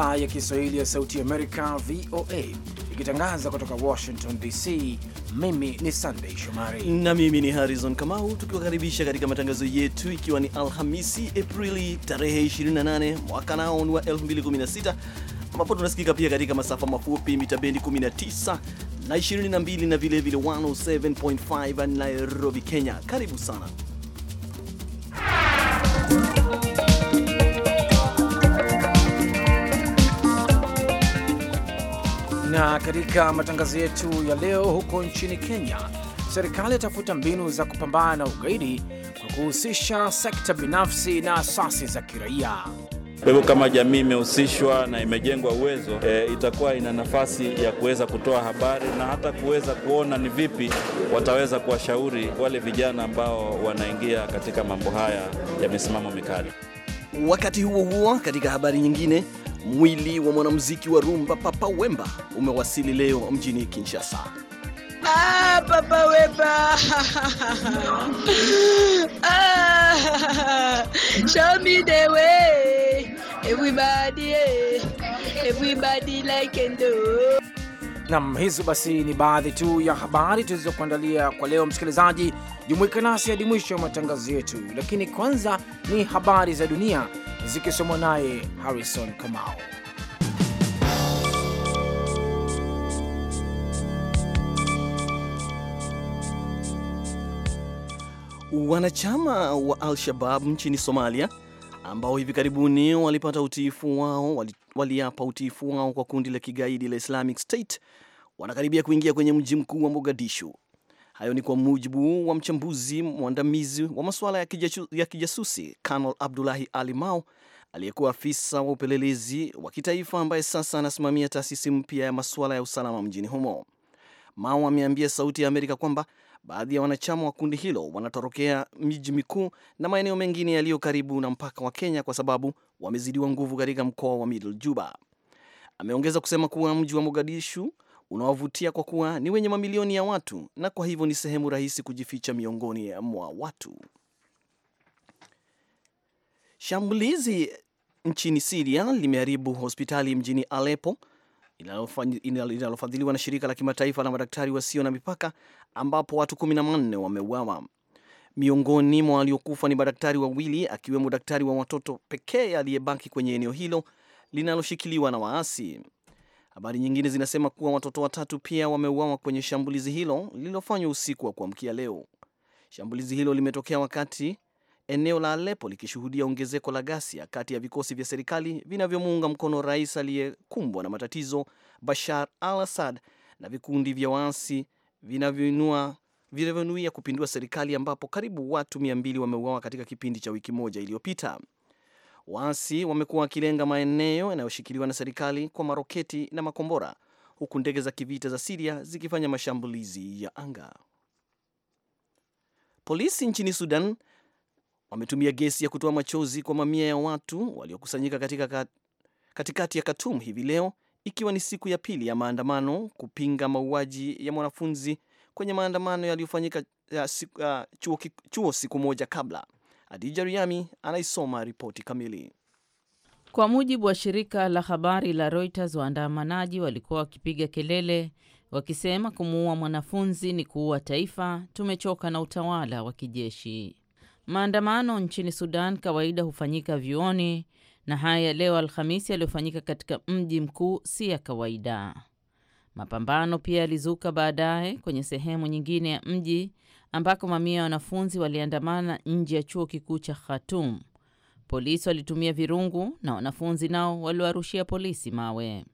idhaa ya Kiswahili ya Sauti Amerika, VOA, ikitangaza kutoka Washington DC. Mimi ni Sandey Shomari na mimi ni Harrison Kamau, tukiwakaribisha katika matangazo yetu, ikiwa ni Alhamisi Aprili tarehe 28 mwaka nao ni wa 2016 ambapo tunasikika pia katika masafa mafupi mita bendi 19 na 22 na vilevile 107.5 Nairobi, Kenya. Karibu sana Na katika matangazo yetu ya leo, huko nchini Kenya, serikali itafuta mbinu za kupambana na ugaidi kwa kuhusisha sekta binafsi na asasi za kiraia. Kwa hivyo kama jamii imehusishwa na imejengwa uwezo e, itakuwa ina nafasi ya kuweza kutoa habari na hata kuweza kuona ni vipi wataweza kuwashauri wale vijana ambao wanaingia katika mambo haya ya misimamo mikali. Wakati huo huo, katika habari nyingine, Mwili wa mwanamuziki wa rumba Papa Wemba umewasili leo mjini Kinshasa. Ah, Papa Wemba ah, show me the way everybody, eh. everybody like and do. Nam, hizo basi ni baadhi tu ya habari tulizokuandalia kwa leo. Msikilizaji, jumuika nasi hadi mwisho wa matangazo yetu, lakini kwanza ni habari za dunia zikisomwa naye Harrison Kamau. Wanachama wa Al-Shabab nchini Somalia ambao hivi karibuni walipata utiifu wao waliapa utiifu wao kwa kundi la kigaidi la Islamic State wanakaribia kuingia kwenye mji mkuu wa Mogadishu. Hayo ni kwa mujibu wa mchambuzi mwandamizi wa masuala ya kijasusi Kanal Abdulahi Ali Mao aliyekuwa afisa wa upelelezi wa kitaifa ambaye sasa anasimamia taasisi mpya ya masuala ya usalama mjini humo. Mao ameambia Sauti ya Amerika kwamba baadhi ya wanachama wa kundi hilo wanatorokea miji mikuu na maeneo mengine yaliyo karibu na mpaka wa Kenya kwa sababu wamezidiwa nguvu katika mkoa wa Middle Juba. Ameongeza kusema kuwa mji wa Mogadishu unawavutia kwa kuwa ni wenye mamilioni ya watu na kwa hivyo ni sehemu rahisi kujificha miongoni mwa watu. Shambulizi nchini Siria limeharibu hospitali mjini alepo linalofadhiliwa na shirika la kimataifa la madaktari wasio na mipaka ambapo watu 14 wameuawa. Miongoni mwa waliokufa ni madaktari wawili akiwemo daktari wa watoto pekee aliyebaki kwenye eneo hilo linaloshikiliwa na waasi. Habari nyingine zinasema kuwa watoto watatu pia wameuawa kwenye shambulizi hilo lililofanywa usiku wa kuamkia leo. Shambulizi hilo limetokea wakati eneo la Alepo likishuhudia ongezeko la ghasia kati ya vikosi vya serikali vinavyomuunga mkono rais aliyekumbwa na matatizo Bashar al Assad na vikundi vya waasi vinavyonuia kupindua serikali ambapo karibu watu 2 wameuawa katika kipindi cha wiki moja iliyopita. Waasi wamekuwa wakilenga maeneo yanayoshikiliwa na serikali kwa maroketi na makombora huku ndege za kivita za Siria zikifanya mashambulizi ya anga. Polisi nchini Sudan wametumia gesi ya kutoa machozi kwa mamia ya watu waliokusanyika katika katikati ya Khartoum hivi leo ikiwa ni siku ya pili ya maandamano kupinga mauaji ya mwanafunzi kwenye maandamano yaliyofanyika ya ya chuo, chuo siku moja kabla. Adija Riami anaisoma ripoti kamili. Kwa mujibu wa shirika la habari la Reuters, waandamanaji walikuwa wakipiga kelele wakisema kumuua mwanafunzi ni kuua taifa, tumechoka na utawala wa kijeshi. Maandamano nchini Sudan kawaida hufanyika vyuoni na haya ya leo Alhamisi yaliyofanyika katika mji mkuu si ya kawaida. Mapambano pia yalizuka baadaye kwenye sehemu nyingine ya mji ambako mamia ya wanafunzi waliandamana nje ya chuo kikuu cha Khartoum. Polisi walitumia virungu na wanafunzi nao waliwarushia polisi mawe.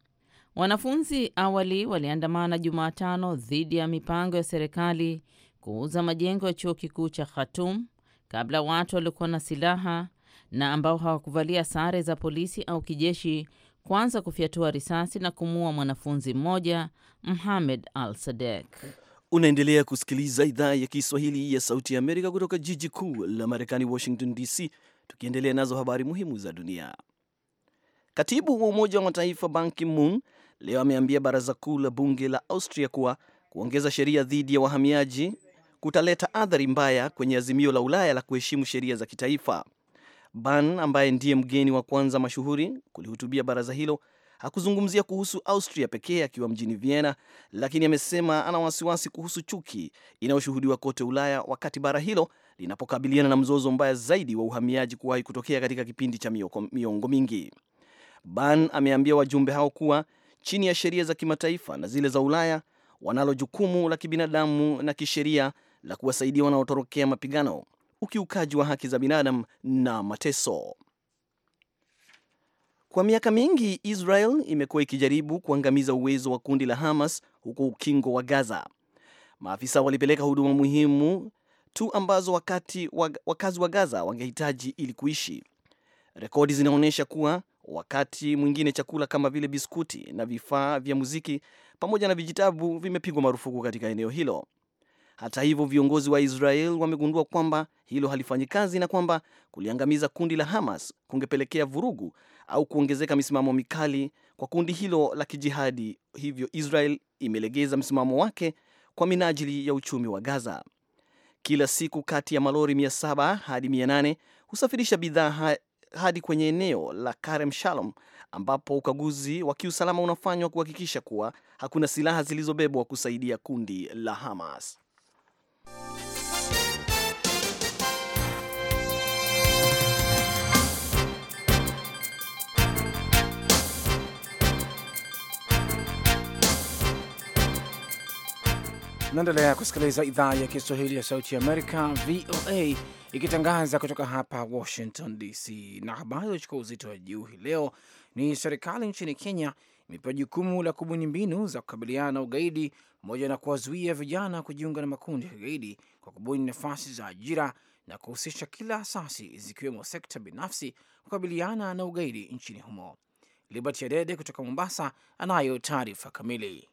Wanafunzi awali waliandamana Jumatano dhidi ya mipango ya serikali kuuza majengo ya chuo kikuu cha Khartoum Kabla watu waliokuwa na silaha na ambao hawakuvalia sare za polisi au kijeshi kuanza kufyatua risasi na kumuua mwanafunzi mmoja muhamed Al-Sadek. Unaendelea kusikiliza idhaa ya Kiswahili ya Sauti ya Amerika kutoka jiji kuu la Marekani, Washington DC, tukiendelea nazo habari muhimu za dunia. Katibu wa Umoja wa Mataifa Ban Ki-moon leo ameambia baraza kuu la bunge la Austria kuwa kuongeza sheria dhidi ya wahamiaji kutaleta athari mbaya kwenye azimio la Ulaya la kuheshimu sheria za kitaifa. Ban ambaye ndiye mgeni wa kwanza mashuhuri kulihutubia baraza hilo hakuzungumzia kuhusu Austria pekee akiwa mjini Vienna, lakini amesema ana wasiwasi kuhusu chuki inayoshuhudiwa kote Ulaya wakati bara hilo linapokabiliana na mzozo mbaya zaidi wa uhamiaji kuwahi kutokea katika kipindi cha miongo mingi. Ban ameambia wajumbe hao kuwa chini ya sheria za kimataifa na zile za Ulaya wanalo jukumu la kibinadamu na kisheria la kuwasaidia wanaotorokea mapigano, ukiukaji wa haki za binadamu na mateso. Kwa miaka mingi Israel imekuwa ikijaribu kuangamiza uwezo wa kundi la Hamas huko ukingo wa Gaza. Maafisa walipeleka huduma muhimu tu ambazo wakati wakazi wa Gaza wangehitaji ili kuishi. Rekodi zinaonyesha kuwa Wakati mwingine chakula kama vile biskuti na vifaa vya muziki pamoja na vijitabu vimepigwa marufuku katika eneo hilo. Hata hivyo, viongozi wa Israel wamegundua kwamba hilo halifanyi kazi na kwamba kuliangamiza kundi la Hamas kungepelekea vurugu au kuongezeka misimamo mikali kwa kundi hilo la kijihadi. Hivyo Israel imelegeza msimamo wake kwa minajili ya uchumi wa Gaza. Kila siku kati ya malori 700 hadi 800 husafirisha bidhaa hadi kwenye eneo la Karem Shalom ambapo ukaguzi wa kiusalama unafanywa kuhakikisha kuwa hakuna silaha zilizobebwa kusaidia kundi la Hamas. Naendelea kusikiliza idhaa ya Kiswahili ya Sauti ya Amerika, VOA, ikitangaza kutoka hapa Washington DC. Na habari iliyochukua uzito wa juu hii leo ni serikali nchini Kenya imepewa jukumu la kubuni mbinu za kukabiliana na ugaidi, pamoja na kuwazuia vijana kujiunga na makundi ya kigaidi kwa kubuni nafasi za ajira na kuhusisha kila asasi zikiwemo sekta binafsi kukabiliana na ugaidi nchini humo. Liberty Adede kutoka Mombasa anayo taarifa kamili.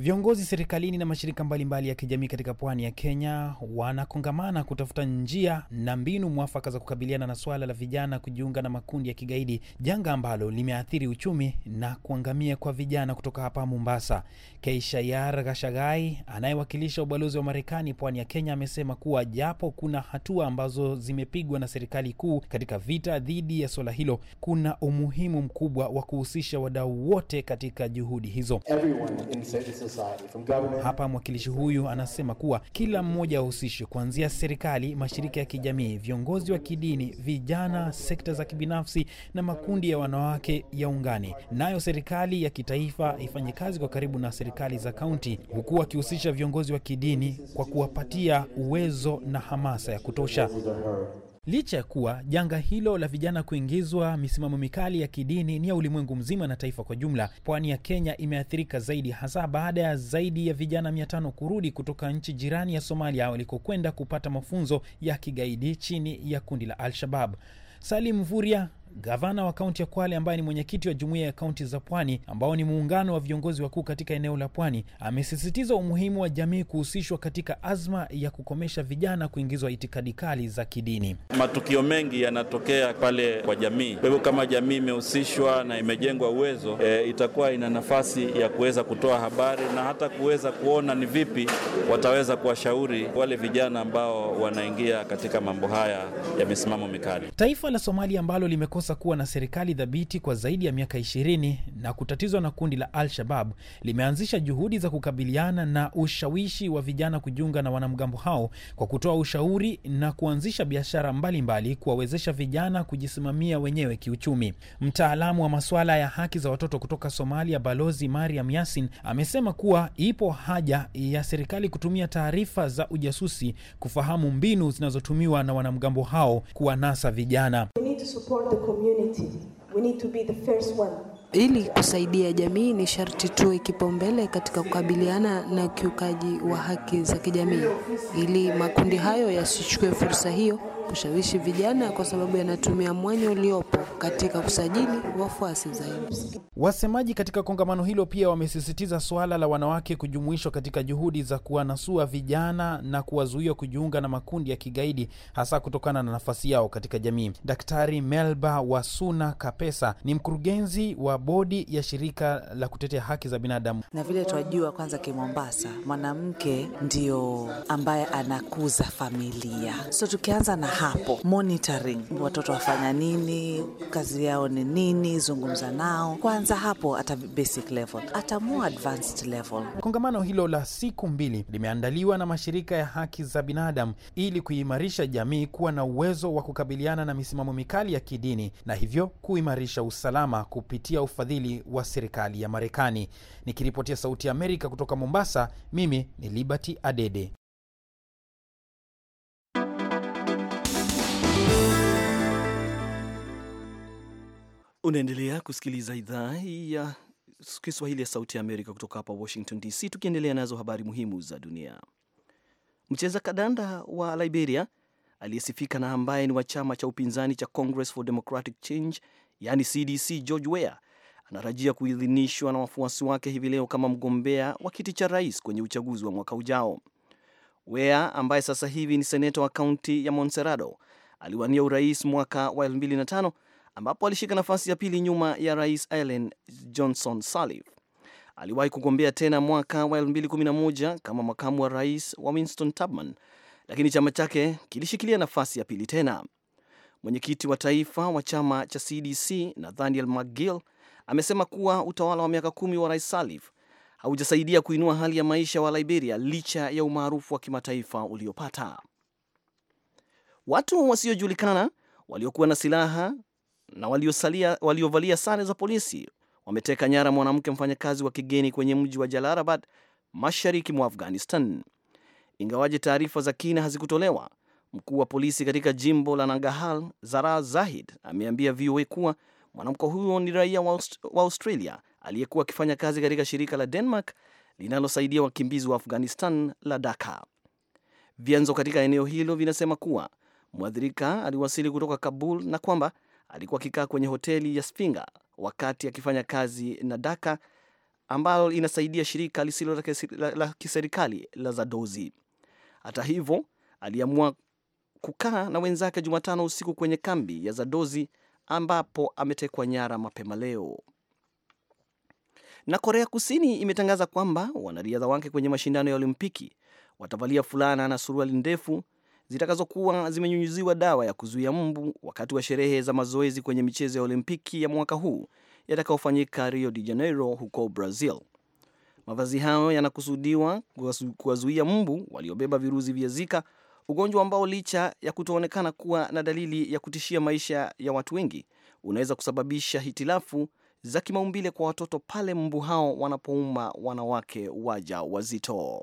Viongozi serikalini na mashirika mbalimbali mbali ya kijamii katika pwani ya Kenya wanakongamana kutafuta njia na mbinu mwafaka za kukabiliana na swala la vijana kujiunga na makundi ya kigaidi, janga ambalo limeathiri uchumi na kuangamia kwa vijana. Kutoka hapa Mombasa, Keishayar Gashagai anayewakilisha ubalozi wa Marekani pwani ya Kenya amesema kuwa japo kuna hatua ambazo zimepigwa na serikali kuu katika vita dhidi ya swala hilo, kuna umuhimu mkubwa wa kuhusisha wadau wote katika juhudi hizo Everyone hapa mwakilishi huyu anasema kuwa kila mmoja ahusishwe, kuanzia serikali, mashirika ya kijamii, viongozi wa kidini, vijana, sekta za kibinafsi na makundi ya wanawake yaungane, nayo serikali ya kitaifa ifanye kazi kwa karibu na serikali za kaunti, huku wakihusisha viongozi wa kidini kwa kuwapatia uwezo na hamasa ya kutosha. Licha ya kuwa janga hilo la vijana kuingizwa misimamo mikali ya kidini ni ya ulimwengu mzima na taifa kwa jumla, pwani ya Kenya imeathirika zaidi, hasa baada ya zaidi ya vijana mia tano kurudi kutoka nchi jirani ya Somalia walikokwenda kupata mafunzo ya kigaidi chini ya kundi la Al-Shabab. Salim Vuria Gavana wa kaunti ya Kwale ambaye ni mwenyekiti wa jumuiya ya kaunti za Pwani ambao ni muungano wa viongozi wakuu katika eneo la Pwani amesisitiza umuhimu wa jamii kuhusishwa katika azma ya kukomesha vijana kuingizwa itikadi kali za kidini. Matukio mengi yanatokea pale kwa jamii, kwa hivyo kama jamii imehusishwa na imejengwa uwezo e, itakuwa ina nafasi ya kuweza kutoa habari na hata kuweza kuona ni vipi wataweza kuwashauri wale vijana ambao wanaingia katika mambo haya ya misimamo mikali. Taifa la Somalia ambalo limekuwa kukosa kuwa na serikali dhabiti kwa zaidi ya miaka 20 na kutatizwa na kundi la Al-Shabab limeanzisha juhudi za kukabiliana na ushawishi wa vijana kujiunga na wanamgambo hao kwa kutoa ushauri na kuanzisha biashara mbalimbali kuwawezesha vijana kujisimamia wenyewe kiuchumi. Mtaalamu wa masuala ya haki za watoto kutoka Somalia, Balozi Mariam Yasin, amesema kuwa ipo haja ya serikali kutumia taarifa za ujasusi kufahamu mbinu zinazotumiwa na wanamgambo hao kuwanasa vijana. Ili kusaidia jamii ni sharti tuwe kipaumbele katika kukabiliana na ukiukaji wa haki za kijamii ili makundi hayo yasichukue fursa hiyo kushawishi vijana kwa sababu yanatumia mwanya uliopo katika kusajili wafuasi zaidi. Wasemaji katika kongamano hilo pia wamesisitiza suala la wanawake kujumuishwa katika juhudi za kuwanasua vijana na kuwazuia kujiunga na makundi ya kigaidi hasa kutokana na nafasi yao katika jamii. Daktari Melba Wasuna Kapesa ni mkurugenzi wa bodi ya shirika la kutetea haki za binadamu. Na vile twajua kwanza kimombasa, mwanamke ndio ambaye anakuza familia, so tukianza na hapo monitoring, watoto wafanya nini, kazi yao ni nini, zungumza nao kwanza hapo at basic level, at more advanced level. Kongamano hilo la siku mbili limeandaliwa na mashirika ya haki za binadamu ili kuimarisha jamii kuwa na uwezo wa kukabiliana na misimamo mikali ya kidini na hivyo kuimarisha usalama kupitia ufadhili wa serikali ya Marekani. Nikiripotia Sauti ya Amerika kutoka Mombasa, mimi ni Liberty Adede. Unaendelea kusikiliza idhaa ya Kiswahili ya Sauti ya Amerika kutoka hapa Washington DC, tukiendelea nazo habari muhimu za dunia. Mcheza kadanda wa Liberia aliyesifika na ambaye ni wa chama cha upinzani cha Congress for Democratic Change, yani CDC, George Weah anatarajia kuidhinishwa na wafuasi wake hivi leo kama mgombea wa kiti cha rais kwenye uchaguzi wa mwaka ujao. Weah ambaye sasa hivi ni seneta wa kaunti ya monserado aliwania urais mwaka wa 2005 ambapo alishika nafasi ya pili nyuma ya Rais Ellen Johnson Sirleaf. Aliwahi kugombea tena mwaka wa 2011 kama makamu wa rais wa Winston Tubman, lakini chama chake kilishikilia nafasi ya pili tena. Mwenyekiti wa taifa wa chama cha CDC Nathaniel McGill amesema kuwa utawala wa miaka kumi wa Rais Sirleaf haujasaidia kuinua hali ya maisha wa Liberia licha ya umaarufu wa kimataifa uliopata. Watu wasiojulikana waliokuwa na silaha na waliovalia sare za polisi wameteka nyara mwanamke mfanyakazi wa kigeni kwenye mji wa Jalalabad mashariki mwa Afghanistan. Ingawaje taarifa za kina hazikutolewa, mkuu wa polisi katika jimbo la nangahal Zara Zahid ameambia VOA kuwa mwanamke huyo ni raia wa Australia aliyekuwa akifanya kazi katika shirika la Denmark linalosaidia wakimbizi wa Afghanistan la Daka. Vyanzo katika eneo hilo vinasema kuwa mwathirika aliwasili kutoka Kabul na kwamba alikuwa akikaa kwenye hoteli ya Spinga wakati akifanya kazi na Daka ambalo inasaidia shirika lisilo la kiserikali la Zadozi. Hata hivyo, aliamua kukaa na wenzake Jumatano usiku kwenye kambi ya Zadozi ambapo ametekwa nyara mapema leo. Na Korea Kusini imetangaza kwamba wanariadha wake kwenye mashindano ya Olimpiki watavalia fulana na suruali ndefu zitakazokuwa zimenyunyuziwa dawa ya kuzuia mbu wakati wa sherehe za mazoezi kwenye michezo ya Olimpiki ya mwaka huu yatakayofanyika Rio de Janeiro huko Brazil. Mavazi hayo yanakusudiwa kuwazuia mbu waliobeba virusi vya Zika, ugonjwa ambao licha ya kutoonekana kuwa na dalili ya kutishia maisha ya watu wengi, unaweza kusababisha hitilafu za kimaumbile kwa watoto pale mbu hao wanapouma wanawake waja wazito.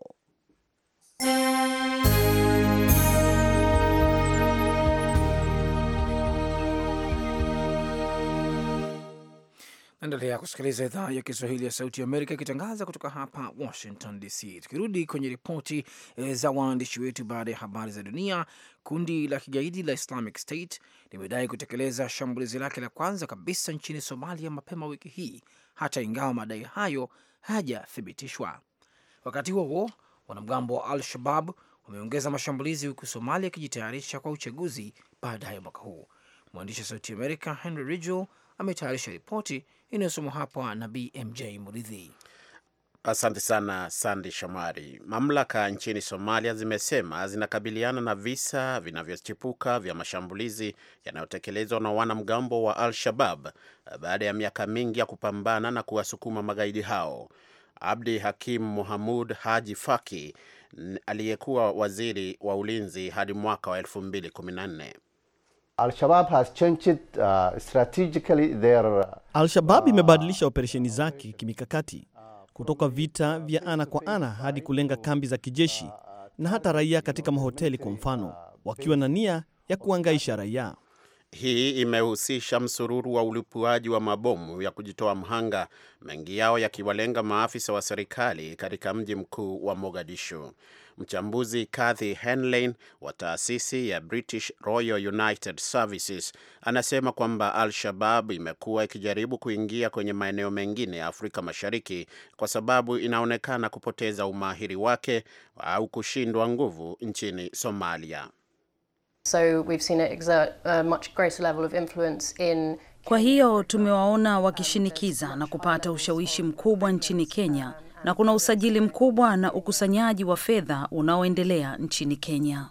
Endelea kusikiliza idhaa ya Kiswahili ya Sauti Amerika ikitangaza kutoka hapa Washington DC. Tukirudi kwenye ripoti e, za waandishi wetu baada ya habari za dunia, kundi la kigaidi la Islamic State limedai kutekeleza shambulizi lake la kwanza kabisa nchini Somalia mapema wiki hii, hata ingawa madai hayo hayajathibitishwa. Wakati huo huo, wanamgambo wa Al Shabab wameongeza mashambulizi, huku Somalia ikijitayarisha kwa uchaguzi baadaye mwaka huu. Mwandishi wa Sauti Amerika Henry Ridgel ametayarisha ripoti inayosomwa hapa na BMJ Muridhi. Asante sana Sandi Shomari. Mamlaka nchini Somalia zimesema zinakabiliana na visa vinavyochipuka vya mashambulizi yanayotekelezwa na wanamgambo wa Al-Shabab baada ya miaka mingi ya kupambana na kuwasukuma magaidi hao. Abdi Hakim Muhamud Haji Faki aliyekuwa waziri wa ulinzi hadi mwaka wa 2014 Al-Shabab has changed, uh, strategically their, uh, Al-Shabab imebadilisha operesheni zake kimikakati kutoka vita vya ana kwa ana hadi kulenga kambi za kijeshi na hata raia katika mahoteli kwa mfano, wakiwa na nia ya kuangaisha raia. Hii imehusisha msururu wa ulipuaji wa mabomu ya kujitoa mhanga, mengi yao yakiwalenga maafisa wa serikali katika mji mkuu wa Mogadishu. Mchambuzi Kathy Henlein wa taasisi ya British Royal United Services anasema kwamba Al-Shabab imekuwa ikijaribu kuingia kwenye maeneo mengine ya Afrika Mashariki kwa sababu inaonekana kupoteza umahiri wake au kushindwa nguvu nchini Somalia. So we've seen it exert a much greater level of influence in kwa hiyo tumewaona wakishinikiza na kupata ushawishi mkubwa nchini Kenya na kuna usajili mkubwa na ukusanyaji wa fedha unaoendelea nchini Kenya.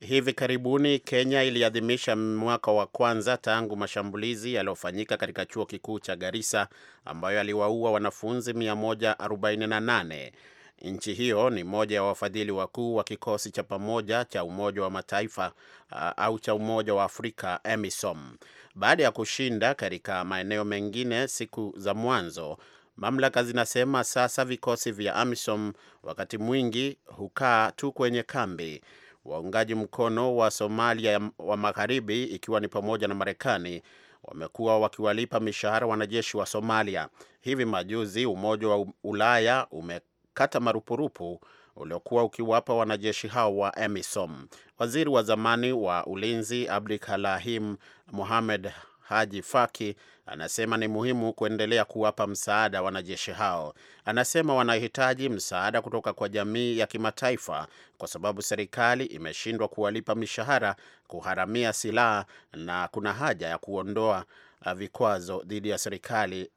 Hivi karibuni Kenya iliadhimisha mwaka wa kwanza tangu mashambulizi yaliyofanyika katika chuo kikuu cha Garissa ambayo aliwaua wanafunzi 148. Nchi hiyo ni moja ya wafadhili wakuu wa kikosi cha pamoja cha Umoja wa Mataifa uh, au cha Umoja wa Afrika EMISOM. Baada ya kushinda katika maeneo mengine siku za mwanzo, mamlaka zinasema sasa vikosi vya AMISOM wakati mwingi hukaa tu kwenye kambi. Waungaji mkono wa Somalia wa Magharibi, ikiwa ni pamoja na Marekani, wamekuwa wakiwalipa mishahara wanajeshi wa Somalia. Hivi majuzi Umoja wa Ulaya ume kukata marupurupu uliokuwa ukiwapa wanajeshi hao wa Emisom. Waziri wa zamani wa ulinzi Abdikalahim muhamed Haji Faki anasema ni muhimu kuendelea kuwapa msaada wanajeshi hao. Anasema wanahitaji msaada kutoka kwa jamii ya kimataifa kwa sababu serikali imeshindwa kuwalipa mishahara, kuharamia silaha na kuna haja ya kuondoa Uh, vikwazo dhidi ya serikali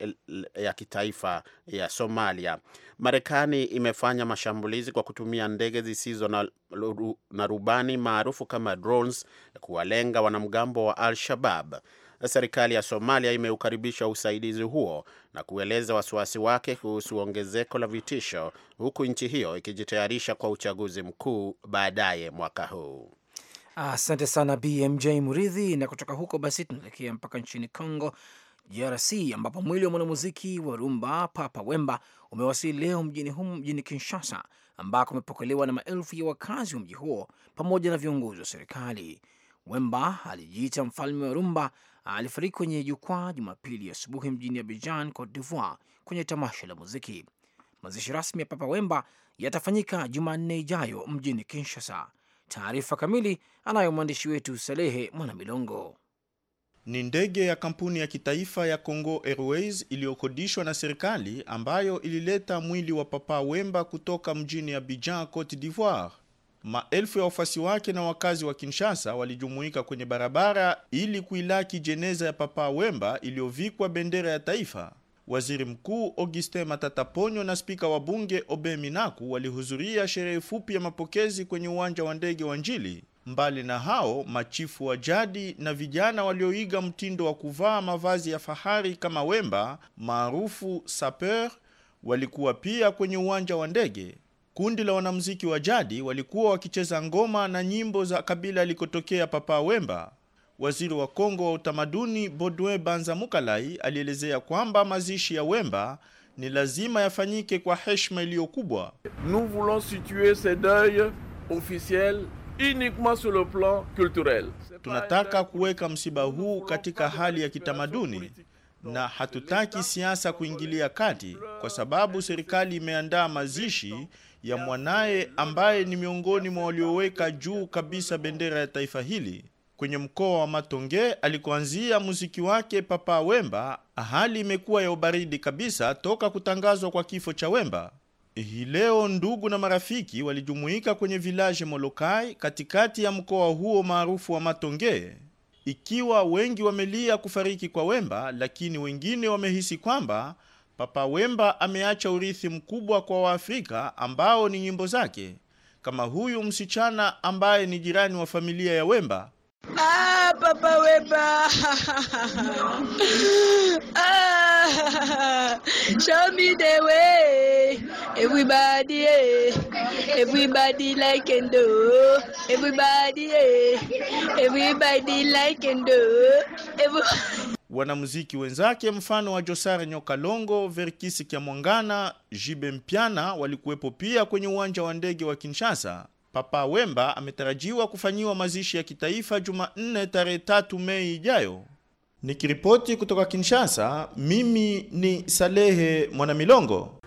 ya kitaifa ya Somalia. Marekani imefanya mashambulizi kwa kutumia ndege zisizo na, na rubani maarufu kama drones kuwalenga wanamgambo wa Al-Shabab. Serikali ya Somalia imeukaribisha usaidizi huo na kueleza wasiwasi wake kuhusu ongezeko la vitisho, huku nchi hiyo ikijitayarisha kwa uchaguzi mkuu baadaye mwaka huu. Asante sana BMJ Muridhi. Na kutoka huko basi tunaelekea mpaka nchini Congo DRC ambapo mwili wa mwanamuziki wa rumba Papa Wemba umewasili leo mjini humu mjini Kinshasa, ambako umepokelewa na maelfu ya wakazi wa mji huo pamoja na viongozi wa serikali. Wemba alijiita mfalme wa rumba, alifariki kwenye jukwaa Jumapili asubuhi mjini Abidjan, Cote d'Ivoire, kwenye tamasha la muziki. Mazishi rasmi ya Papa Wemba yatafanyika Jumanne ijayo mjini Kinshasa. Taarifa kamili anayo mwandishi wetu Salehe Mwanamilongo. Ni ndege ya kampuni ya kitaifa ya Congo Airways iliyokodishwa na serikali ambayo ilileta mwili wa Papa Wemba kutoka mjini Abidjan, Cote d'Ivoire. Maelfu ya wafuasi wake na wakazi wa Kinshasa walijumuika kwenye barabara ili kuilaki jeneza ya Papa Wemba iliyovikwa bendera ya taifa. Waziri Mkuu Augustin Matata Ponyo na spika wa bunge Obe Minaku walihudhuria sherehe fupi ya mapokezi kwenye uwanja wa ndege wa Njili. Mbali na hao, machifu wa jadi na vijana walioiga mtindo wa kuvaa mavazi ya fahari kama wemba maarufu sapeur walikuwa pia kwenye uwanja wa ndege. Kundi la wanamuziki wa jadi walikuwa wakicheza ngoma na nyimbo za kabila alikotokea Papa Wemba. Waziri wa Kongo wa utamaduni bodwe Banza Mukalai alielezea kwamba mazishi ya Wemba ni lazima yafanyike kwa heshima iliyo kubwa. Nous voulons situer ce deuil officiel uniquement sur le plan culturel. Tunataka kuweka msiba huu katika hali ya kitamaduni na hatutaki siasa kuingilia kati, kwa sababu serikali imeandaa mazishi ya mwanaye ambaye ni miongoni mwa walioweka juu kabisa bendera ya taifa hili kwenye mkoa wa Matonge alikuanzia muziki wake Papa Wemba. Hali imekuwa ya ubaridi kabisa toka kutangazwa kwa kifo cha Wemba. Hii leo ndugu na marafiki walijumuika kwenye vilaje Molokai katikati ya mkoa huo maarufu wa Matonge, ikiwa wengi wamelia kufariki kwa Wemba, lakini wengine wamehisi kwamba Papa Wemba ameacha urithi mkubwa kwa Waafrika ambao ni nyimbo zake, kama huyu msichana ambaye ni jirani wa familia ya Wemba Ah, Papa Weba. ah, show me the way. Everybody, eh. everybody like and do. Everybody, eh. everybody like and do. Everybody. Wanamuziki wenzake mfano wa Josare Nyokalongo, Verkisi Kiamwangana, Jibe Mpiana walikuwepo pia kwenye uwanja wa ndege wa Kinshasa Papa Wemba ametarajiwa kufanyiwa mazishi ya kitaifa Jumanne tarehe tatu Mei ijayo. Nikiripoti kutoka Kinshasa, mimi ni Salehe Mwanamilongo.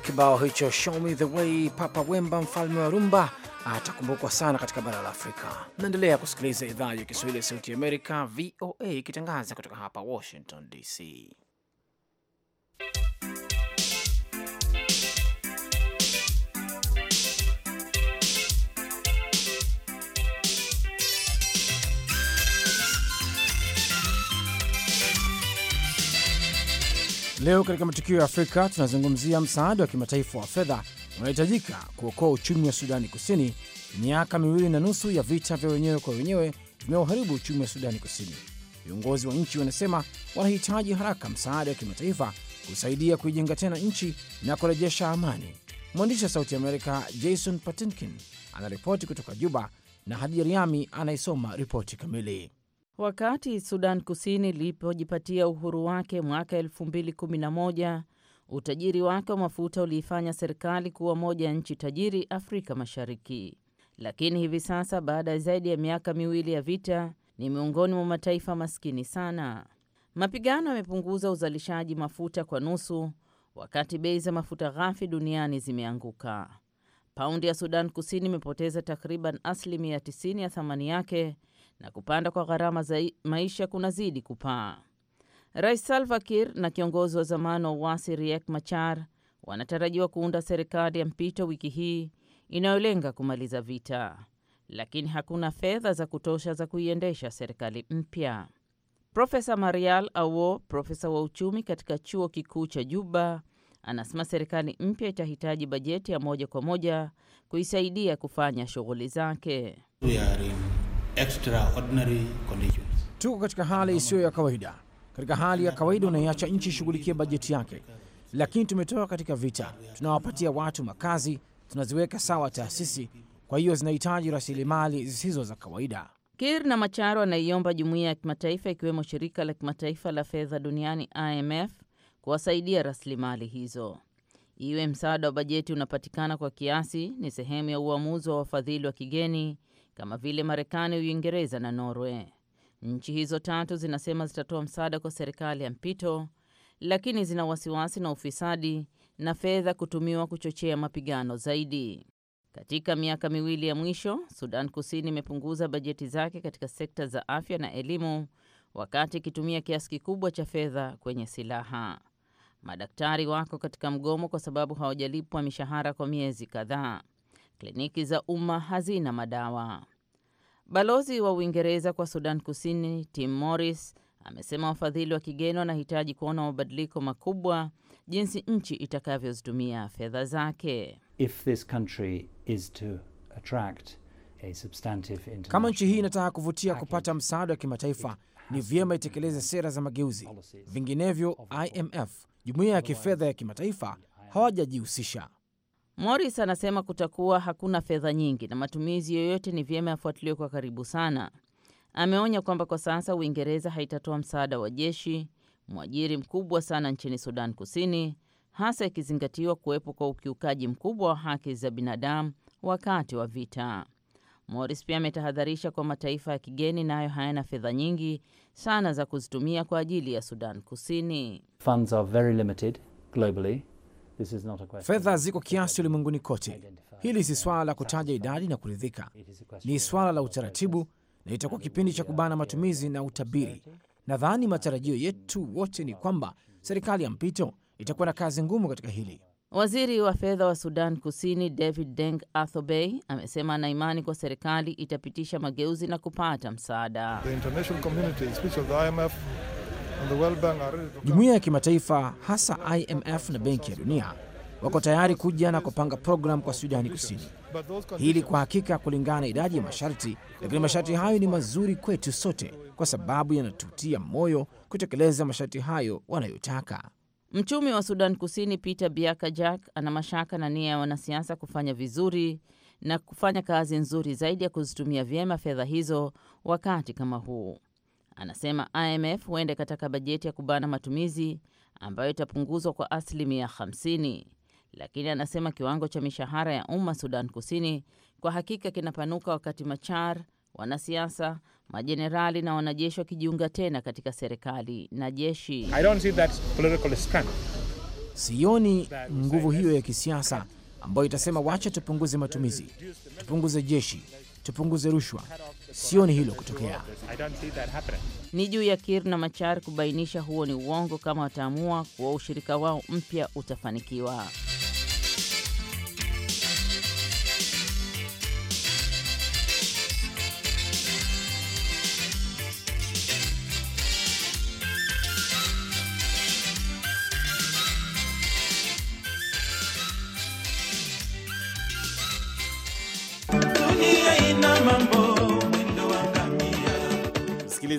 kibao hicho show me the way. Papa Wemba, mfalme wa rumba, atakumbukwa sana katika bara la Afrika. Naendelea kusikiliza idhaa ya Kiswahili ya Sauti ya Amerika, VOA, ikitangaza kutoka hapa Washington DC. Leo katika matukio ya Afrika tunazungumzia msaada wa kimataifa wa fedha unahitajika kuokoa uchumi wa Sudani Kusini, miaka miwili na nusu ya vita vya wenyewe kwa wenyewe vimeuharibu uchumi wa Sudani Kusini. Viongozi wa nchi wanasema wanahitaji haraka msaada wa kimataifa kusaidia kuijenga tena nchi na kurejesha amani. Mwandishi wa Sauti Amerika Jason Patinkin anaripoti kutoka Juba na Hadija Riami anaisoma ripoti kamili. Wakati Sudan Kusini ilipojipatia uhuru wake mwaka 2011, utajiri wake wa mafuta uliifanya serikali kuwa moja ya nchi tajiri Afrika Mashariki. Lakini hivi sasa, baada ya zaidi ya miaka miwili ya vita, ni miongoni mwa mataifa maskini sana. Mapigano yamepunguza uzalishaji mafuta kwa nusu, wakati bei za mafuta ghafi duniani zimeanguka. Paundi ya Sudan Kusini imepoteza takriban asilimia 90 ya thamani yake na kupanda kwa gharama za maisha kunazidi kupaa. Rais Salva Kiir na kiongozi wa zamani wa uasi Riek Machar wanatarajiwa kuunda serikali ya mpito wiki hii inayolenga kumaliza vita, lakini hakuna fedha za kutosha za kuiendesha serikali mpya. Profesa Marial Awo, profesa wa uchumi katika chuo kikuu cha Juba, anasema serikali mpya itahitaji bajeti ya moja kwa moja kuisaidia kufanya shughuli zake. We are in extraordinary conditions. Tuko katika hali isiyo ya kawaida. Katika hali ya kawaida unaiacha nchi ishughulikie bajeti yake, lakini tumetoka katika vita, tunawapatia watu makazi, tunaziweka sawa taasisi, kwa hiyo zinahitaji rasilimali zisizo za kawaida. Kir na Macharo anaiomba jumuiya ya kimataifa ikiwemo shirika la kimataifa la fedha duniani IMF kuwasaidia rasilimali hizo. Iwe msaada wa bajeti unapatikana kwa kiasi, ni sehemu ya uamuzi wa wafadhili wa kigeni kama vile Marekani, Uingereza na Norway. Nchi hizo tatu zinasema zitatoa msaada kwa serikali ya mpito, lakini zina wasiwasi na ufisadi na fedha kutumiwa kuchochea mapigano zaidi. Katika miaka miwili ya mwisho, Sudan Kusini imepunguza bajeti zake katika sekta za afya na elimu, wakati ikitumia kiasi kikubwa cha fedha kwenye silaha. Madaktari wako katika mgomo kwa sababu hawajalipwa mishahara kwa miezi kadhaa. Kliniki za umma hazina madawa. Balozi wa Uingereza kwa Sudan Kusini Tim Morris amesema wafadhili wa kigeni wanahitaji kuona mabadiliko makubwa jinsi nchi itakavyozitumia fedha zake. If this country is to attract a substantive international... kama nchi hii inataka kuvutia kupata msaada wa kimataifa ni vyema itekeleze sera za mageuzi, vinginevyo IMF, jumuiya ya kifedha ya kimataifa hawajajihusisha. Morris anasema kutakuwa hakuna fedha nyingi na matumizi yoyote ni vyema yafuatiliwe kwa karibu sana. Ameonya kwamba kwa sasa Uingereza haitatoa msaada wa jeshi, mwajiri mkubwa sana nchini Sudan Kusini, hasa ikizingatiwa kuwepo kwa ukiukaji mkubwa wa haki za binadamu wakati wa vita. Morris pia ametahadharisha kwa mataifa ya kigeni nayo na hayana fedha nyingi sana za kuzitumia kwa ajili ya Sudan Kusini. Funds are very limited globally. Fedha ziko kiasi ulimwenguni kote. Hili si swala la kutaja idadi na kuridhika, ni swala la utaratibu, na itakuwa kipindi cha kubana matumizi na utabiri. Nadhani matarajio yetu wote ni kwamba serikali ya mpito itakuwa na kazi ngumu katika hili. Waziri wa fedha wa Sudan Kusini David Deng Athobey amesema ana imani kwa serikali itapitisha mageuzi na kupata msaada. The Jumuiya ya kimataifa hasa IMF na Benki ya Dunia wako tayari kuja na kupanga programu kwa Sudani Kusini. Hili kwa hakika kulingana na idadi ya masharti, lakini masharti hayo ni mazuri kwetu sote kwa sababu yanatutia moyo kutekeleza masharti hayo wanayotaka. Mchumi wa Sudan Kusini Peter Biaka Jack ana mashaka na nia ya wanasiasa kufanya vizuri na kufanya kazi nzuri zaidi ya kuzitumia vyema fedha hizo wakati kama huu. Anasema IMF huenda ikataka bajeti ya kubana matumizi ambayo itapunguzwa kwa asilimia 50, lakini anasema kiwango cha mishahara ya umma Sudan Kusini kwa hakika kinapanuka wakati Machar, wanasiasa, majenerali na wanajeshi wakijiunga tena katika serikali na jeshi. I don't see that political strength. Sioni nguvu hiyo ya kisiasa ambayo itasema wacha tupunguze matumizi, tupunguze jeshi, tupunguze rushwa, Sioni hilo kutokea. Ni juu ya Kir na Machar kubainisha huo ni uongo, kama wataamua kuwa ushirika wao mpya utafanikiwa.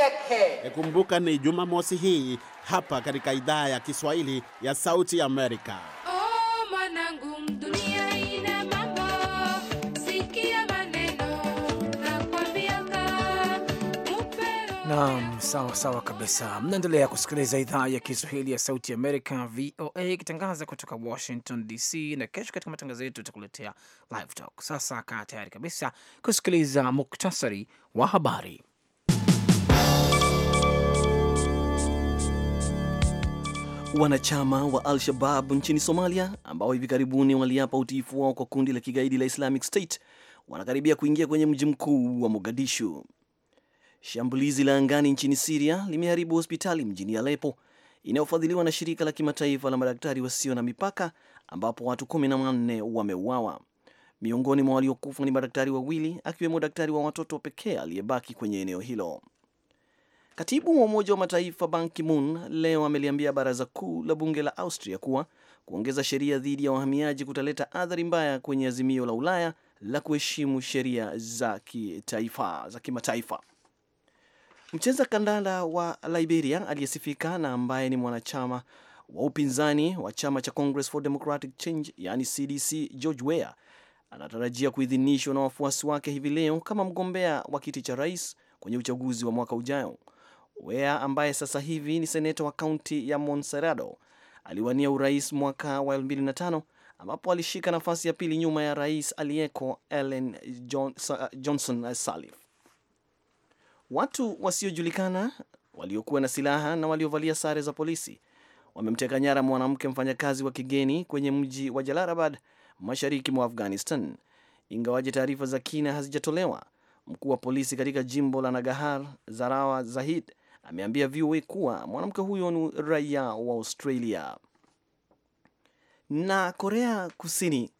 yake. Kumbuka ni Jumamosi hii hapa katika idhaa ya Kiswahili ya Sauti ya Amerika. Naam, sawa sawa kabisa. Mnaendelea kusikiliza idhaa ya Kiswahili ya Sauti Amerika, VOA, ikitangaza kutoka Washington DC, na kesho katika matangazo yetu tutakuletea Live Talk. Sasa kaa tayari kabisa kusikiliza muktasari wa habari. Wanachama wa Al-Shabab nchini Somalia ambao hivi karibuni waliapa utiifu wao kwa kundi la kigaidi la Islamic State wanakaribia kuingia kwenye mji mkuu wa Mogadishu. Shambulizi la angani nchini Siria limeharibu hospitali mjini Aleppo inayofadhiliwa na shirika la kimataifa la madaktari wasio na mipaka ambapo watu kumi na wanne wameuawa. Miongoni mwa waliokufa ni madaktari wawili akiwemo daktari wa watoto pekee aliyebaki kwenye eneo hilo. Katibu wa Umoja wa Mataifa Ban Ki-moon leo ameliambia baraza kuu la bunge la Austria kuwa kuongeza sheria dhidi ya wahamiaji kutaleta athari mbaya kwenye azimio la Ulaya la kuheshimu sheria za kitaifa za kimataifa. Mcheza kandanda wa Liberia aliyesifika na ambaye ni mwanachama wa upinzani wa chama cha Congress for Democratic Change yani CDC, George Weah anatarajia kuidhinishwa na wafuasi wake hivi leo kama mgombea wa kiti cha rais kwenye uchaguzi wa mwaka ujao. Wea ambaye sasa hivi ni seneta wa kaunti ya Monserrado aliwania urais mwaka wa 2005 ambapo alishika nafasi ya pili nyuma ya rais aliyeko Ellen Johnson Sirleaf. Watu wasiojulikana waliokuwa na silaha na waliovalia sare za polisi wamemteka nyara mwanamke mfanyakazi wa kigeni kwenye mji wa Jalalabad mashariki mwa Afghanistan. Ingawaje taarifa za kina hazijatolewa, mkuu wa polisi katika jimbo la Nagahar Zarawa Zahid ameambia VOA kuwa mwanamke huyo ni raia wa Australia. Na Korea Kusini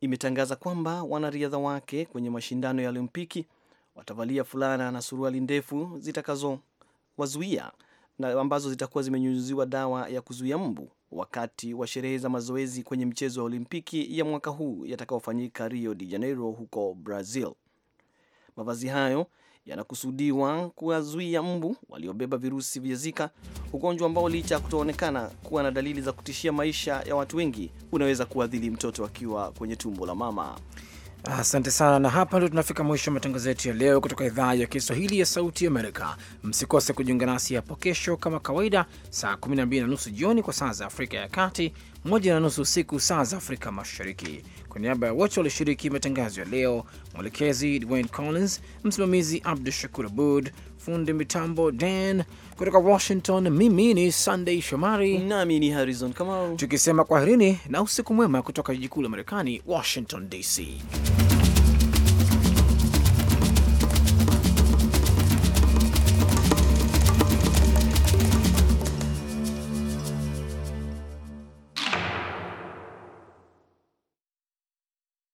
imetangaza kwamba wanariadha wake kwenye mashindano ya Olimpiki watavalia fulana na suruali ndefu zitakazowazuia na ambazo zitakuwa zimenyunyuziwa dawa ya kuzuia mbu wakati wa sherehe za mazoezi kwenye mchezo wa Olimpiki ya mwaka huu yatakaofanyika Rio de Janeiro huko Brazil. Mavazi hayo yanakusudiwa kuwazuia mbu waliobeba virusi vya Zika, ugonjwa ambao licha ya kutoonekana kuwa na dalili za kutishia maisha ya watu wengi, unaweza kuadhili mtoto akiwa kwenye tumbo la mama. Asante sana, na hapa ndio tunafika mwisho wa matangazo yetu ya leo kutoka idhaa ya Kiswahili ya Sauti Amerika. Msikose kujiunga nasi hapo kesho kama kawaida, saa 12 na nusu jioni kwa saa za Afrika ya Kati, moja na nusu usiku saa za Afrika Mashariki. Kwa niaba ya wote walioshiriki matangazo ya leo, mwelekezi Dwayne Collins, msimamizi Abdu Shakur Abud, fundi mitambo Dan kutoka Washington. Mimi ni Sunday Shomari nami ni Harrison Kamau, tukisema kwaherini na usiku mwema kutoka jiji kuu la Marekani, Washington DC.